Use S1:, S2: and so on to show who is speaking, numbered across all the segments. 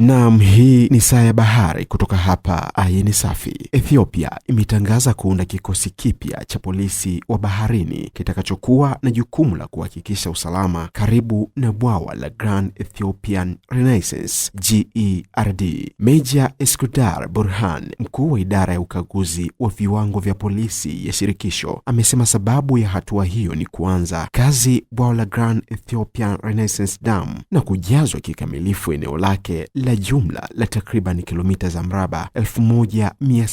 S1: Naam, hii ni Saa ya Bahari kutoka hapa Ayin Safi. Ethiopia imetangaza kuunda kikosi kipya cha polisi wa baharini kitakachokuwa na jukumu la kuhakikisha usalama karibu na bwawa la Grand Ethiopian Renaissance GERD. Meja Eskudar Burhan, mkuu wa idara ya ukaguzi wa viwango vya polisi ya shirikisho, amesema sababu ya hatua hiyo ni kuanza kazi bwawa la Grand Ethiopian Renaissance Dam na kujazwa kikamilifu eneo lake la jumla la takriban kilomita za mraba 1,000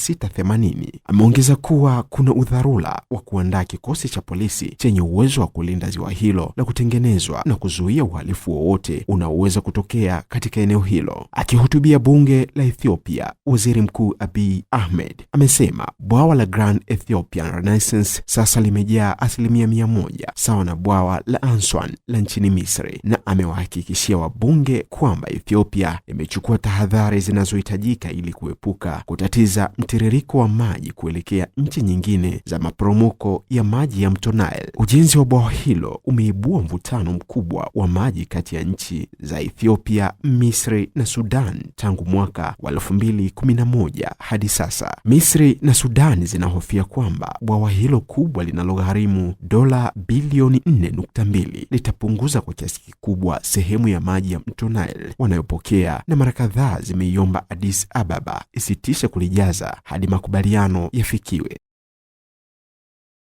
S1: 680. Ameongeza kuwa kuna udharura wa kuandaa kikosi cha polisi chenye uwezo wa kulinda ziwa hilo na kutengenezwa na kuzuia uhalifu wowote unaoweza kutokea katika eneo hilo. Akihutubia bunge la Ethiopia, Waziri Mkuu Abiy Ahmed amesema bwawa la Grand Ethiopian Renaissance sasa limejaa asilimia mia moja sawa na bwawa la Aswan la nchini Misri, na amewahakikishia wabunge kwamba Ethiopia imechukua tahadhari zinazohitajika ili kuepuka kutatiza mte mtiririko wa maji kuelekea nchi nyingine za maporomoko ya maji ya mto Nile. Ujenzi wa bwawa hilo umeibua mvutano mkubwa wa maji kati ya nchi za Ethiopia, Misri na Sudan tangu mwaka wa 2011 hadi sasa. Misri na Sudan zinahofia kwamba bwawa hilo kubwa linalogharimu dola bilioni 4.2 litapunguza kwa kiasi kikubwa sehemu ya maji ya mto Nile wanayopokea na mara kadhaa zimeiomba Addis Ababa isitishe kulijaza hadi makubaliano yafikiwe.